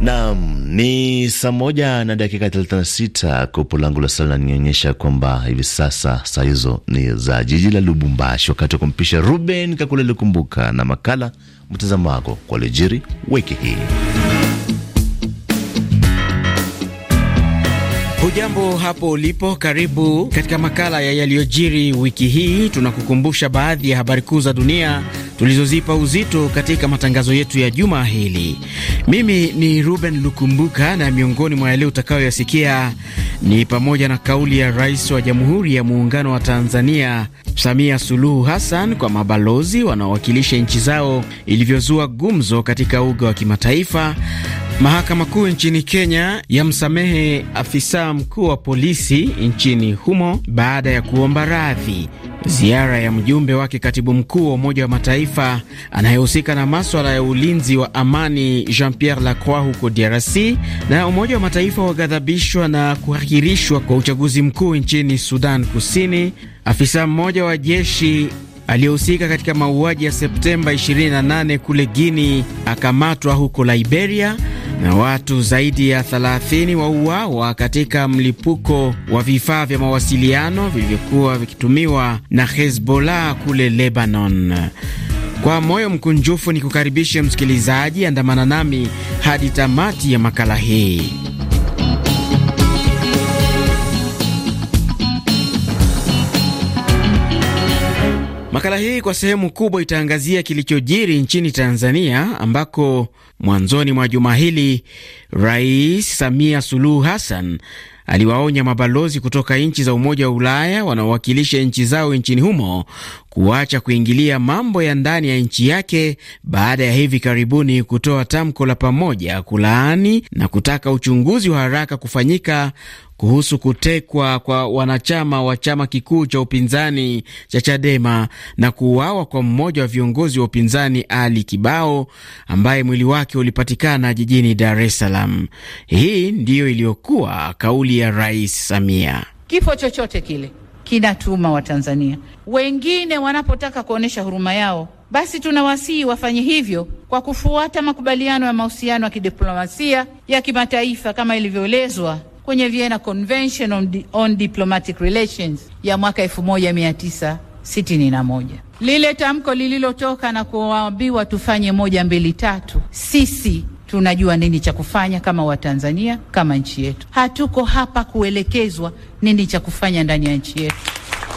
Naam, ni saa moja na dakika 36. Kopo langu la sala lanionyesha kwamba hivi sasa saa hizo ni za jiji la Lubumbashi, wakati wa kumpisha Ruben Kakule Likumbuka na makala mtazamo wako kwa lijiri wiki hii. Hujambo hapo ulipo, karibu katika makala ya yaliyojiri wiki hii. Tunakukumbusha baadhi ya habari kuu za dunia tulizozipa uzito katika matangazo yetu ya juma hili. Mimi ni Ruben Lukumbuka, na miongoni mwa yale utakayoyasikia ni pamoja na kauli ya Rais wa Jamhuri ya Muungano wa Tanzania Samia Suluhu Hassan kwa mabalozi wanaowakilisha nchi zao ilivyozua gumzo katika uga wa kimataifa, Mahakama Kuu nchini Kenya yamsamehe afisa mkuu wa polisi nchini humo baada ya kuomba radhi. Ziara ya mjumbe wake katibu mkuu wa Umoja wa Mataifa anayehusika na maswala ya ulinzi wa amani Jean Pierre Lacroix huko DRC na Umoja wa Mataifa waghadhabishwa na kuahirishwa kwa uchaguzi mkuu nchini Sudan Kusini. Afisa mmoja wa jeshi aliyehusika katika mauaji ya Septemba 28 kule guini akamatwa huko Liberia na watu zaidi ya 30 wauawa katika mlipuko wa vifaa vya mawasiliano vilivyokuwa vikitumiwa na Hezbollah kule Lebanon. Kwa moyo mkunjufu ni kukaribishe msikilizaji, andamana nami hadi tamati ya makala hii. Makala hii kwa sehemu kubwa itaangazia kilichojiri nchini Tanzania ambako Mwanzoni mwa juma hili, Rais Samia Suluhu Hassan aliwaonya mabalozi kutoka nchi za Umoja wa Ulaya wanaowakilisha nchi zao nchini humo kuacha kuingilia mambo ya ndani ya nchi yake baada ya hivi karibuni kutoa tamko la pamoja kulaani na kutaka uchunguzi wa haraka kufanyika kuhusu kutekwa kwa wanachama wa chama kikuu cha upinzani cha Chadema na kuuawa kwa mmoja wa viongozi wa upinzani Ali Kibao ambaye mwili wake ulipatikana jijini Dar es Salaam. Hii ndiyo iliyokuwa kauli ya Rais Samia. Kifo chochote kile kinatuma Watanzania wengine wanapotaka kuonyesha huruma yao, basi tunawasihi wafanye hivyo kwa kufuata makubaliano ya mahusiano ya kidiplomasia ya kimataifa kama ilivyoelezwa kwenye Vienna Convention on, di on Diplomatic Relations ya mwaka 1961. Lile tamko lililotoka na kuambiwa tufanye moja mbili tatu, sisi tunajua nini cha kufanya kama Watanzania, kama nchi yetu. Hatuko hapa kuelekezwa nini cha kufanya ndani ya nchi yetu.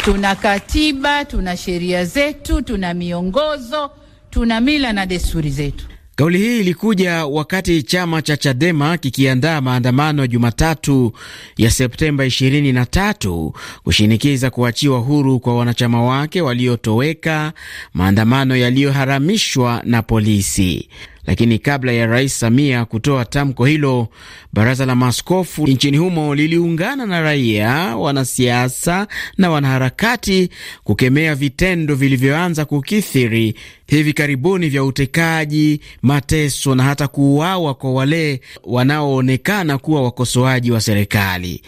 Tuna katiba, tuna sheria zetu, tuna miongozo, tuna mila na desturi zetu. Kauli hii ilikuja wakati chama cha Chadema kikiandaa maandamano Jumatatu ya Septemba 23 kushinikiza kuachiwa huru kwa wanachama wake waliotoweka, maandamano yaliyoharamishwa na polisi. Lakini kabla ya Rais Samia kutoa tamko hilo, baraza la maaskofu nchini humo liliungana na raia, wanasiasa na wanaharakati kukemea vitendo vilivyoanza kukithiri hivi karibuni vya utekaji, mateso na hata kuuawa kwa wale wanaoonekana kuwa wakosoaji wa serikali.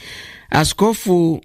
Askofu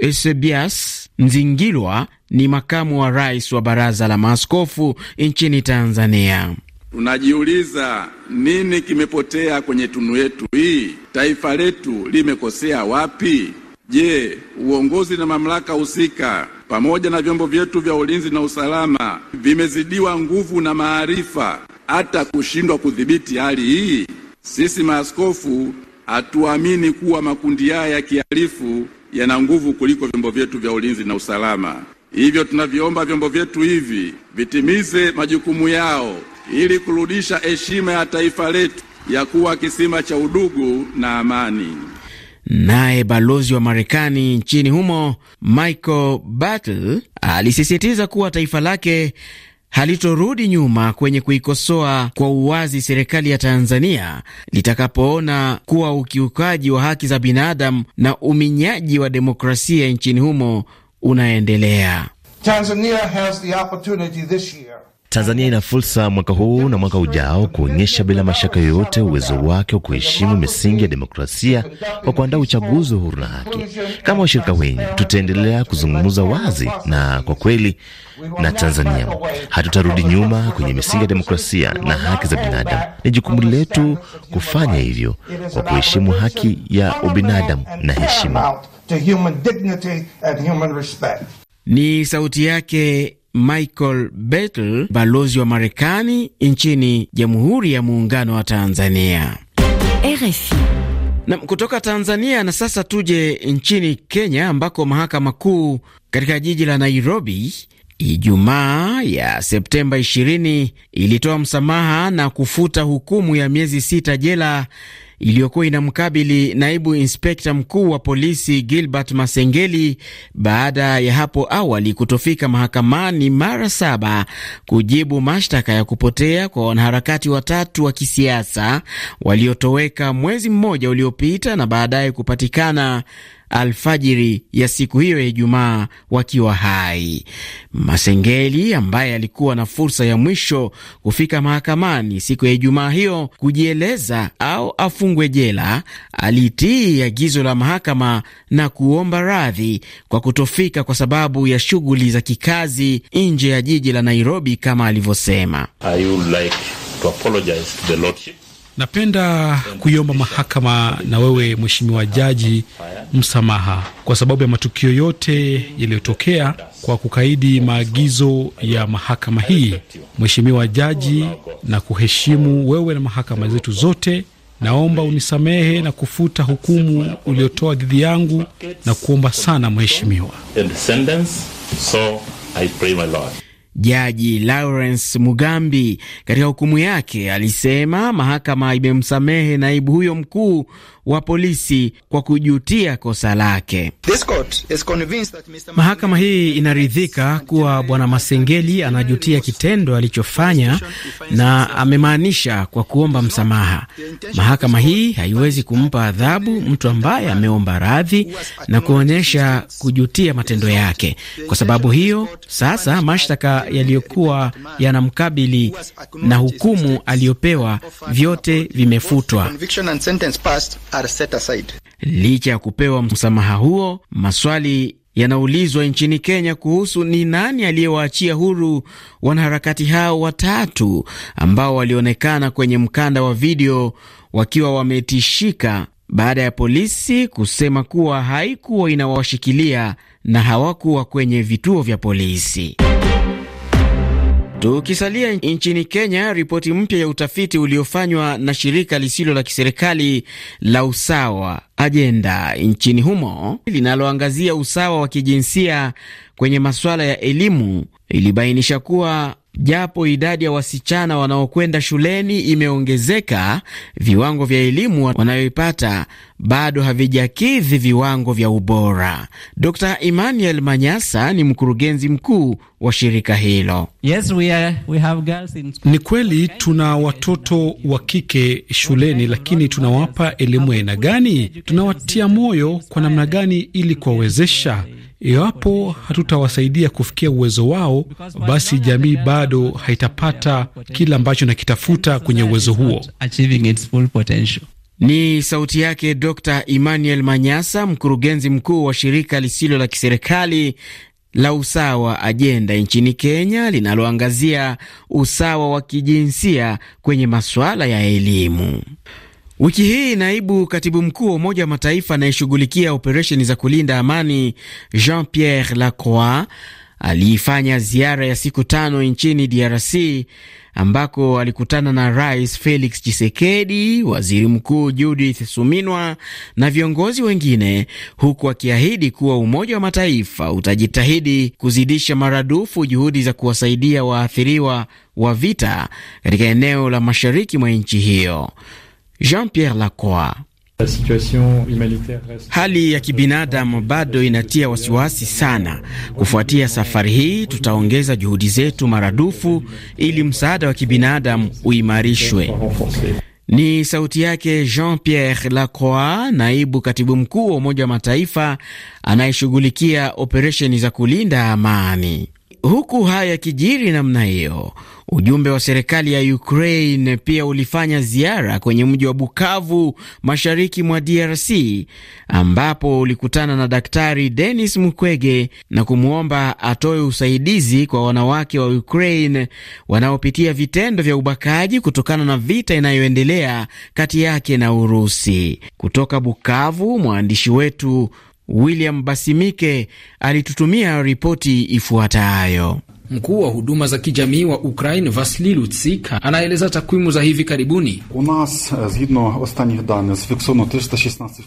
Eusebias Nzingilwa ni makamu wa rais wa baraza la maaskofu nchini Tanzania. Tunajiuliza, nini kimepotea kwenye tunu yetu hii? Taifa letu limekosea wapi? Je, uongozi na mamlaka husika pamoja na vyombo vyetu vya ulinzi na usalama vimezidiwa nguvu na maarifa hata kushindwa kudhibiti hali hii? Sisi maaskofu hatuamini kuwa makundi haya ya kihalifu yana nguvu kuliko vyombo vyetu vya ulinzi na usalama. Hivyo tunaviomba vyombo vyetu hivi vitimize majukumu yao ili kurudisha heshima ya taifa letu ya kuwa kisima cha udugu na amani. Naye balozi wa Marekani nchini humo Michael Battle alisisitiza kuwa taifa lake halitorudi nyuma kwenye kuikosoa kwa uwazi serikali ya Tanzania litakapoona kuwa ukiukaji wa haki za binadamu na uminyaji wa demokrasia nchini humo unaendelea. Tanzania ina fursa mwaka huu na mwaka ujao kuonyesha bila mashaka yoyote uwezo wake wa kuheshimu misingi ya demokrasia kwa kuandaa uchaguzi wa huru na haki. Kama washirika wenyu, tutaendelea kuzungumza wazi na kwa kweli na Tanzania. Hatutarudi nyuma kwenye misingi ya demokrasia na haki za binadamu. Ni jukumu letu kufanya hivyo kwa kuheshimu haki ya ubinadamu na heshima. Ni sauti yake Michael Bettle, balozi wa Marekani nchini Jamhuri ya Muungano wa Tanzania. RFI. Na kutoka Tanzania na sasa tuje nchini Kenya ambako mahakama kuu katika jiji la Nairobi Ijumaa ya Septemba 20 ilitoa msamaha na kufuta hukumu ya miezi sita jela iliyokuwa inamkabili naibu inspekta mkuu wa polisi Gilbert Masengeli baada ya hapo awali kutofika mahakamani mara saba kujibu mashtaka ya kupotea kwa wanaharakati watatu wa kisiasa waliotoweka mwezi mmoja uliopita na baadaye kupatikana alfajiri ya siku hiyo ya Ijumaa wakiwa hai. Masengeli ambaye alikuwa na fursa ya mwisho kufika mahakamani siku ya Ijumaa hiyo kujieleza au afu afungwe jela, alitii agizo la mahakama na kuomba radhi kwa kutofika kwa sababu ya shughuli za kikazi nje ya jiji la Nairobi kama alivyosema. Napenda kuiomba mahakama na wewe mheshimiwa jaji msamaha kwa sababu ya matukio yote yaliyotokea kwa kukaidi maagizo ya mahakama hii, mheshimiwa jaji, na kuheshimu wewe na mahakama zetu zote Naomba unisamehe na kufuta hukumu uliotoa dhidi yangu na kuomba sana mheshimiwa. Jaji Lawrence Mugambi katika hukumu yake alisema mahakama imemsamehe naibu huyo mkuu wa polisi kwa kujutia kosa lake. Mahakama hii inaridhika kuwa Bwana Masengeli anajutia kitendo alichofanya na amemaanisha kwa kuomba msamaha. Mahakama hii haiwezi kumpa adhabu mtu ambaye ameomba radhi na kuonyesha kujutia matendo yake. Kwa sababu hiyo, sasa mashtaka yaliyokuwa yanamkabili na hukumu aliyopewa vyote vimefutwa. Licha ya kupewa msamaha huo, maswali yanaulizwa nchini Kenya kuhusu ni nani aliyewaachia huru wanaharakati hao watatu ambao walionekana kwenye mkanda wa video wakiwa wametishika baada ya polisi kusema kuwa haikuwa inawashikilia na hawakuwa kwenye vituo vya polisi. Tukisalia nchini Kenya, ripoti mpya ya utafiti uliofanywa na shirika lisilo la kiserikali la Usawa Ajenda nchini humo linaloangazia usawa wa kijinsia kwenye masuala ya elimu ilibainisha kuwa Japo idadi ya wasichana wanaokwenda shuleni imeongezeka, viwango vya elimu wanayoipata bado havijakidhi viwango vya ubora. d Emmanuel Manyasa ni mkurugenzi mkuu wa shirika hilo. Yes, we are, we have girls in school. Ni kweli tuna watoto wa kike shuleni, lakini tunawapa elimu ya aina gani? Tunawatia moyo kwa namna gani ili kuwawezesha Iwapo hatutawasaidia kufikia uwezo wao, basi jamii bado haitapata kila ambacho inakitafuta kwenye uwezo huo. Ni sauti yake Dr Emmanuel Manyasa, mkurugenzi mkuu wa shirika lisilo la kiserikali la Usawa Ajenda nchini Kenya, linaloangazia usawa wa kijinsia kwenye masuala ya elimu. Wiki hii naibu katibu mkuu wa Umoja wa Mataifa anayeshughulikia operesheni za kulinda amani Jean Pierre Lacroix aliifanya ziara ya siku tano nchini DRC ambako alikutana na Rais Felix Tshisekedi, waziri mkuu Judith Suminwa na viongozi wengine, huku akiahidi kuwa Umoja wa Mataifa utajitahidi kuzidisha maradufu juhudi za kuwasaidia waathiriwa wa vita katika eneo la mashariki mwa nchi hiyo. Jean-Pierre Lacroix. La situation humanitaire reste... Hali ya kibinadamu bado inatia wasiwasi sana. Kufuatia safari hii, tutaongeza juhudi zetu maradufu ili msaada wa kibinadamu uimarishwe. Ni sauti yake Jean-Pierre Lacroix, naibu katibu mkuu wa Umoja wa Mataifa anayeshughulikia operesheni za kulinda amani. Huku haya yakijiri namna hiyo, ujumbe wa serikali ya Ukraine pia ulifanya ziara kwenye mji wa Bukavu, mashariki mwa DRC, ambapo ulikutana na Daktari Denis Mukwege na kumwomba atoe usaidizi kwa wanawake wa Ukraine wanaopitia vitendo vya ubakaji kutokana na vita inayoendelea kati yake na Urusi. Kutoka Bukavu, mwandishi wetu William Basimike alitutumia ripoti ifuatayo. Mkuu wa huduma za kijamii wa Ukraine Vasili Lutsik anaeleza takwimu za hivi karibuni.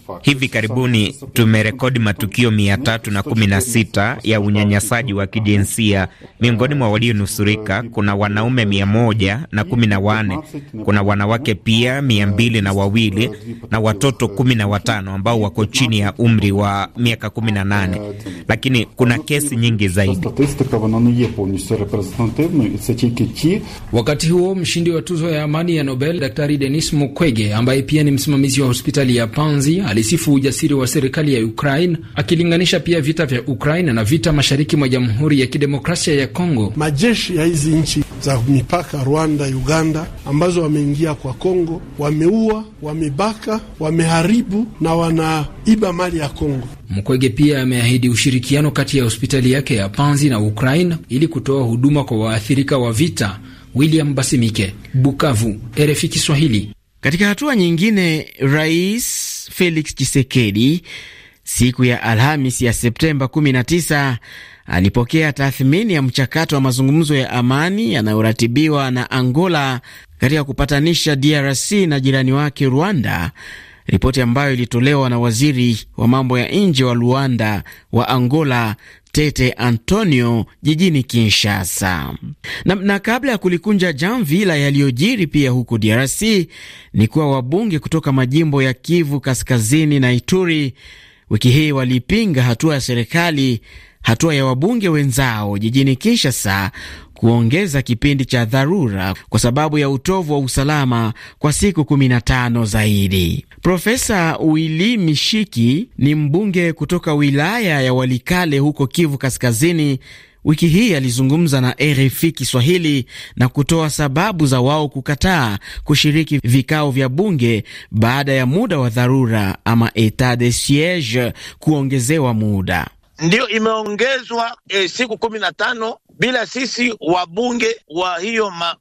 E, hivi karibuni tumerekodi matukio 316 ya unyanyasaji wa kijinsia. Miongoni mwa walionusurika kuna wanaume 114, kuna wanawake pia 202 na watoto 15 ambao wako chini ya umri wa miaka 18, lakini kuna kesi nyingi zaidi повністю репрезентативною, і це тільки ті. Wakati huo mshindi wa tuzo ya amani ya Nobel Daktari Denis Mukwege, ambaye pia ni msimamizi wa hospitali ya Panzi, alisifu ujasiri wa serikali ya Ukraine akilinganisha pia vita vya Ukraine na vita mashariki mwa Jamhuri ya Kidemokrasia ya Kongo. Majeshi ya hizi nchi za mipaka Rwanda, Uganda ambazo wameingia kwa Kongo, wameua, wamebaka, wameharibu na wanaiba mali ya Kongo. Mkwege pia ameahidi ushirikiano kati ya hospitali yake ya Panzi na Ukraine ili kutoa huduma kwa waathirika wa vita. William Basimike, Bukavu, RFI Kiswahili. Katika hatua nyingine, Rais Felix Tshisekedi siku ya Alhamis ya Septemba 19 alipokea tathmini ya mchakato wa mazungumzo ya amani yanayoratibiwa na Angola katika kupatanisha DRC na jirani wake Rwanda ripoti ambayo ilitolewa na waziri wa mambo ya nje wa Luanda wa Angola Tete Antonio jijini Kinshasa. Na, na kabla ya kulikunja jamvi la yaliyojiri pia huko DRC ni kuwa wabunge kutoka majimbo ya Kivu Kaskazini na Ituri wiki hii walipinga hatua ya serikali hatua ya wabunge wenzao jijini Kinshasa kuongeza kipindi cha dharura kwa sababu ya utovu wa usalama kwa siku 15 zaidi. Profesa Wili Mishiki ni mbunge kutoka wilaya ya Walikale huko Kivu Kaskazini. Wiki hii alizungumza na RFI Kiswahili na kutoa sababu za wao kukataa kushiriki vikao vya bunge baada ya muda wa dharura ama etat de siege kuongezewa muda ndio imeongezwa e, siku kumi na tano bila sisi wabunge wa hiyo ma,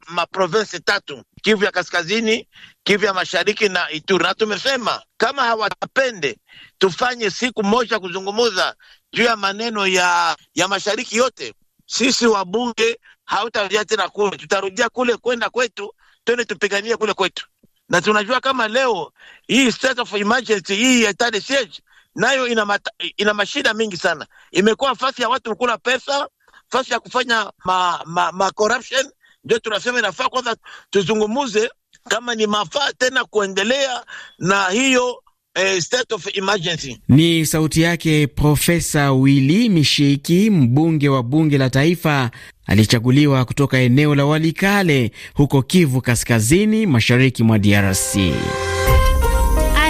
tatu Kivu ya Kaskazini, Kivu ya Mashariki na Ituri. Na tumesema kama hawatapende tufanye siku moja kuzungumuza juu ya maneno ya, ya mashariki yote, sisi wabunge hautarudia tena kule, tutarudia kule kwenda kwetu, twende tupiganie kule kwetu, na tunajua kama leo hii state of emergency hii ya siege nayo ina, mata, ina mashida mingi sana. Imekuwa fasi ya watu kula pesa, fasi ya kufanya ma, ma, ma corruption. Ndio tunasema inafaa kwanza tuzungumuze kama ni mafaa tena kuendelea na hiyo eh, state of emergency. Ni sauti yake Profesa Willy Mishiki, mbunge wa bunge la taifa alichaguliwa kutoka eneo la Walikale huko Kivu Kaskazini, mashariki mwa DRC.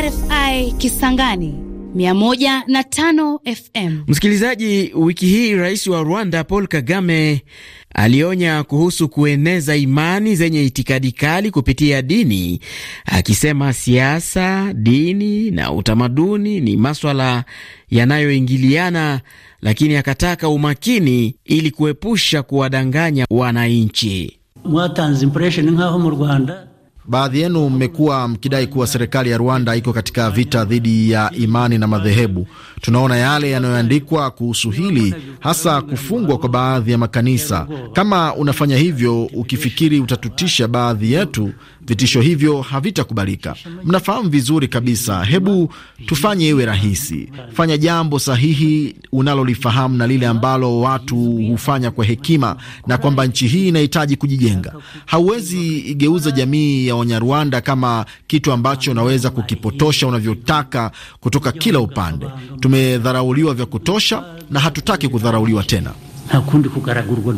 RFI Kisangani 105 FM. Msikilizaji, wiki hii rais wa Rwanda Paul Kagame alionya kuhusu kueneza imani zenye itikadi kali kupitia dini, akisema siasa, dini na utamaduni ni maswala yanayoingiliana, lakini akataka umakini ili kuepusha kuwadanganya wananchi. Baadhi yenu mmekuwa mkidai kuwa serikali ya Rwanda iko katika vita dhidi ya imani na madhehebu. Tunaona yale yanayoandikwa kuhusu hili, hasa kufungwa kwa baadhi ya makanisa. Kama unafanya hivyo ukifikiri utatutisha baadhi yetu, vitisho hivyo havitakubalika. Mnafahamu vizuri kabisa. Hebu tufanye iwe rahisi. Fanya jambo sahihi unalolifahamu na lile ambalo watu hufanya kwa hekima, na kwamba nchi hii inahitaji kujijenga. Hauwezi igeuza jamii ya Wanyarwanda kama kitu ambacho unaweza kukipotosha unavyotaka kutoka kila upande. Tumedharauliwa vya kutosha na hatutaki kudharauliwa tena. kugaragurwa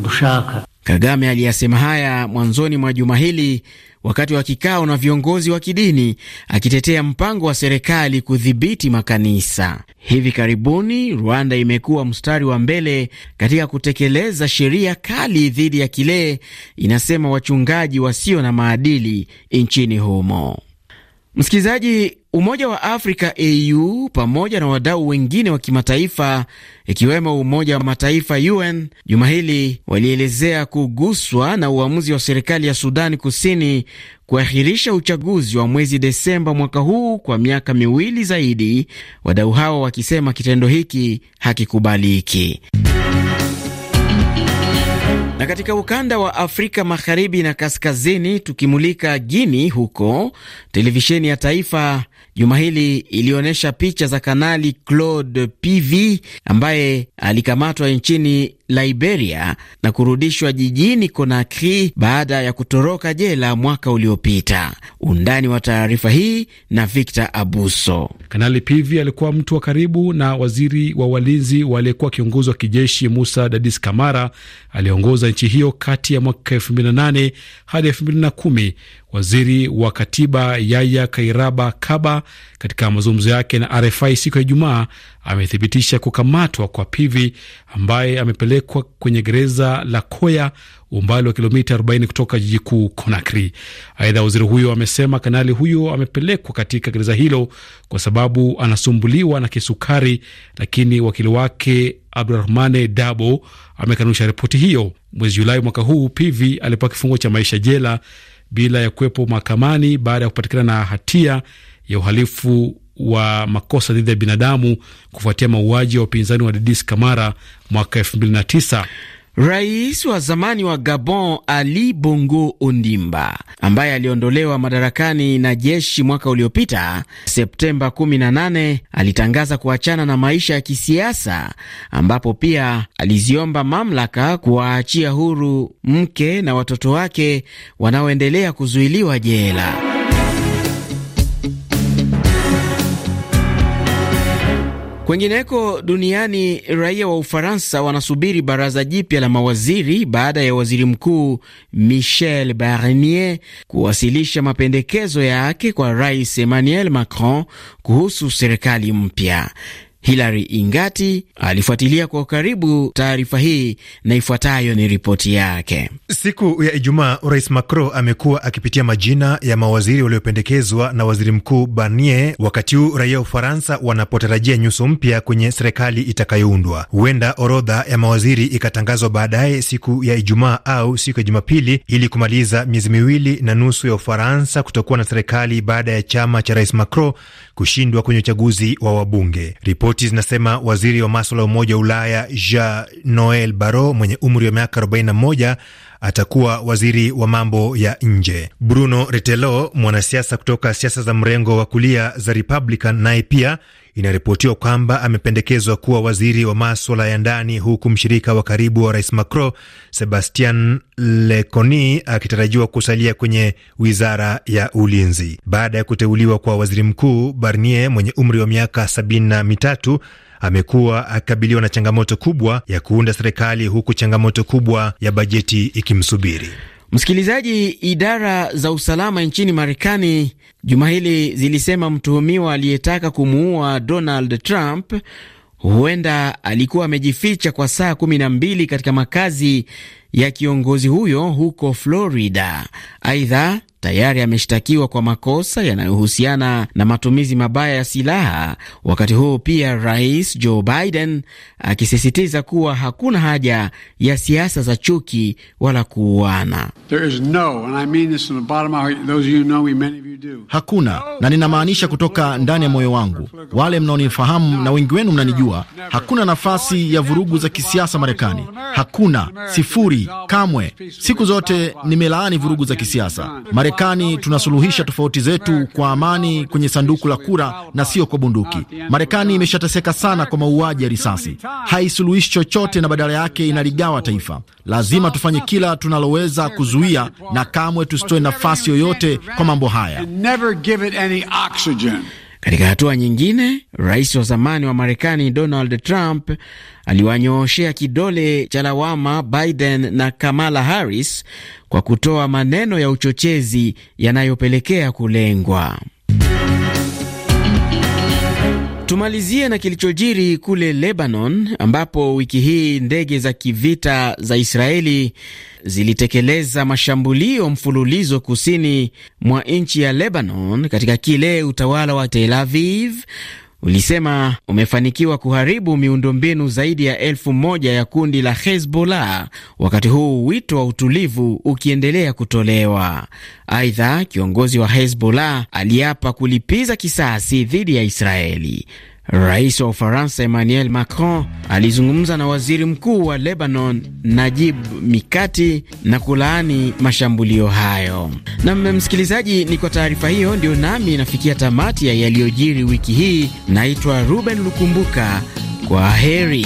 Kagame aliyasema haya mwanzoni mwa juma hili wakati wa kikao na viongozi wa kidini akitetea mpango wa serikali kudhibiti makanisa. Hivi karibuni Rwanda imekuwa mstari wa mbele katika kutekeleza sheria kali dhidi ya kile inasema wachungaji wasio na maadili nchini humo. Msikilizaji, Umoja wa Afrika AU pamoja na wadau wengine wa kimataifa ikiwemo Umoja wa Mataifa UN juma hili walielezea kuguswa na uamuzi wa serikali ya Sudani Kusini kuahirisha uchaguzi wa mwezi Desemba mwaka huu kwa miaka miwili zaidi, wadau hao wakisema kitendo hiki hakikubaliki. Na katika ukanda wa Afrika magharibi na kaskazini, tukimulika Guini huko, televisheni ya taifa Juma hili ilionyesha picha za Kanali Claude PV ambaye alikamatwa nchini Liberia na kurudishwa jijini Conakry baada ya kutoroka jela mwaka uliopita. Undani wa taarifa hii na Victor Abuso. Kanali PV alikuwa mtu wa karibu na waziri wa walinzi waliyekuwa kiongozi wa kijeshi Musa Dadis Kamara, aliongoza nchi hiyo kati ya mwaka 2008 hadi 2010 Waziri wa Katiba Yaya Kairaba Kaba katika mazungumzo yake na RFI siku ya Ijumaa amethibitisha kukamatwa kwa Pivi ambaye amepelekwa kwenye gereza la Koya, umbali wa kilomita 40 kutoka jiji kuu Conakry. Aidha, waziri huyo amesema kanali huyo amepelekwa katika gereza hilo kwa sababu anasumbuliwa na kisukari, lakini wakili wake Abdurahmane Dabo amekanusha ripoti hiyo. Mwezi Julai mwaka huu Pivi alipewa kifungo cha maisha jela bila ya kuwepo mahakamani baada ya kupatikana na hatia ya uhalifu wa makosa dhidi ya binadamu kufuatia mauaji ya upinzani wa Dedis Kamara mwaka 2009. Rais wa zamani wa Gabon Ali Bongo Ondimba ambaye aliondolewa madarakani na jeshi mwaka uliopita Septemba 18 alitangaza kuachana na maisha ya kisiasa, ambapo pia aliziomba mamlaka kuwaachia huru mke na watoto wake wanaoendelea kuzuiliwa jela. Kwengineko duniani raia wa Ufaransa wanasubiri baraza jipya la mawaziri baada ya waziri mkuu Michel Barnier kuwasilisha mapendekezo yake kwa rais Emmanuel Macron kuhusu serikali mpya. Hilary Ingati alifuatilia kwa karibu taarifa hii na ifuatayo ni ripoti yake. Siku ya Ijumaa, Rais Macron amekuwa akipitia majina ya mawaziri waliopendekezwa na waziri mkuu Barnier, wakati huu raia wa Ufaransa wanapotarajia nyuso mpya kwenye serikali itakayoundwa. Huenda orodha ya mawaziri ikatangazwa baadaye siku ya Ijumaa au siku ya Jumapili ili kumaliza miezi miwili na nusu ya Ufaransa kutokuwa na serikali baada ya chama cha Rais Macron kushindwa kwenye uchaguzi wa wabunge Ripoti zinasema waziri wa maswala ya Umoja wa Ulaya Jean Noel Barrot mwenye umri wa miaka 41 atakuwa waziri wa mambo ya nje. Bruno Retelo, mwanasiasa kutoka siasa za mrengo wa kulia za Republican, naye pia Inaripotiwa kwamba amependekezwa kuwa waziri wa maswala ya ndani, huku mshirika wa karibu wa rais Macron, Sebastian leconi akitarajiwa kusalia kwenye wizara ya ulinzi baada ya kuteuliwa kwa waziri mkuu. Barnier mwenye umri wa miaka sabini na mitatu amekuwa akikabiliwa na changamoto kubwa ya kuunda serikali, huku changamoto kubwa ya bajeti ikimsubiri. Msikilizaji, idara za usalama nchini Marekani juma hili zilisema mtuhumiwa aliyetaka kumuua Donald Trump huenda alikuwa amejificha kwa saa 12 katika makazi ya kiongozi huyo huko Florida. Aidha, tayari ameshtakiwa kwa makosa yanayohusiana na matumizi mabaya ya silaha, wakati huu pia Rais Joe Biden akisisitiza kuwa hakuna haja ya siasa za chuki wala kuuana. Hakuna, na ninamaanisha kutoka ndani ya moyo wangu, wale mnaonifahamu na wengi wenu mnanijua, hakuna nafasi ya vurugu za kisiasa Marekani. Hakuna, sifuri, kamwe. Siku zote nimelaani vurugu za kisiasa Marekani. Marekani tunasuluhisha tofauti zetu kwa amani kwenye sanduku la kura na sio kwa bunduki. Marekani imeshateseka sana kwa mauaji ya risasi, haisuluhishi chochote na badala yake inaligawa taifa. Lazima tufanye kila tunaloweza kuzuia, na kamwe tusitoe nafasi yoyote kwa mambo haya. Katika hatua nyingine, rais wa zamani wa Marekani Donald Trump aliwanyooshea kidole cha lawama Biden na Kamala Harris kwa kutoa maneno ya uchochezi yanayopelekea kulengwa. Tumalizie na kilichojiri kule Lebanon ambapo wiki hii ndege za kivita za Israeli zilitekeleza mashambulio mfululizo kusini mwa nchi ya Lebanon katika kile utawala wa Tel Aviv ulisema umefanikiwa kuharibu miundombinu zaidi ya elfu moja ya kundi la Hezbollah, wakati huu wito wa utulivu ukiendelea kutolewa. Aidha, kiongozi wa Hezbollah aliapa kulipiza kisasi dhidi ya Israeli. Rais wa Ufaransa Emmanuel Macron alizungumza na waziri mkuu wa Lebanon Najib Mikati na kulaani mashambulio hayo. Na msikilizaji ni kwa taarifa hiyo ndio nami nafikia tamati ya yaliyojiri wiki hii. Naitwa Ruben Lukumbuka, kwa heri.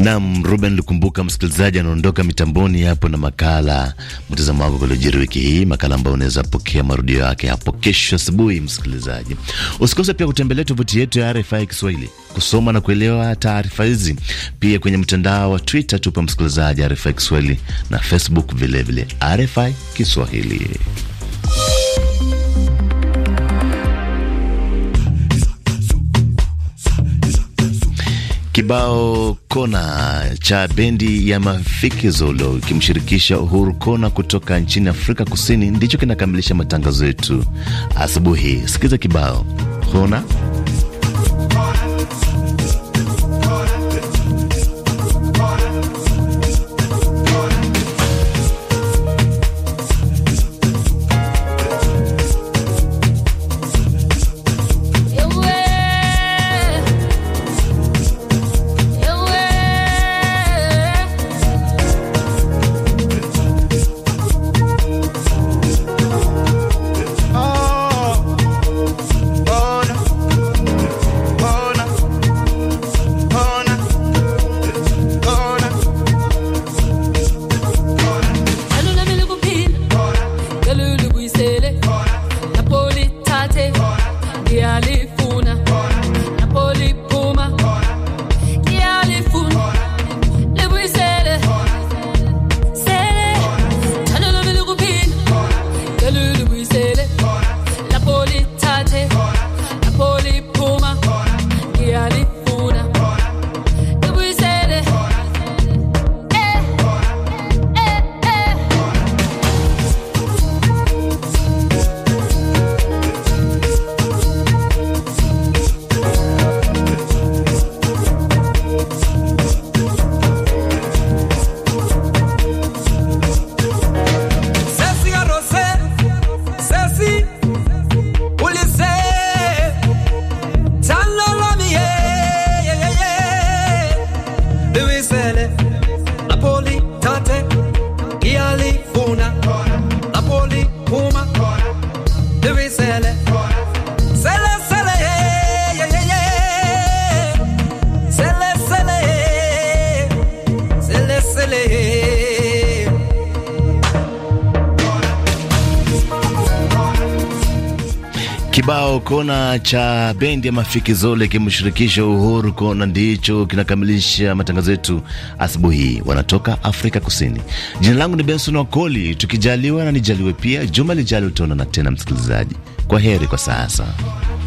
Nam Ruben Lukumbuka, msikilizaji anaondoka mitamboni hapo na makala mtazamo wako kuliojiri wiki hii, makala ambayo unaweza pokea marudio yake hapo kesho asubuhi. Msikilizaji, usikose pia kutembelea tovuti yetu ya RFI Kiswahili kusoma na kuelewa taarifa hizi. Pia kwenye mtandao wa Twitter tupe msikilizaji RFI Kiswahili na Facebook vilevile vile, RFI Kiswahili. Kibao kona cha bendi ya Mafiki Zolo ikimshirikisha Uhuru Kona kutoka nchini Afrika Kusini ndicho kinakamilisha matangazo yetu asubuhi. Sikiza kibao kona. kibona cha bendi ya Mafikizole kimshirikisha Uhuru Kona ndicho kinakamilisha matangazo yetu asubuhi. Wanatoka Afrika Kusini. Jina langu ni Benson Wakoli, tukijaliwa na nijaliwe pia juma lijalo utaonana tena msikilizaji. Kwa heri kwa sasa.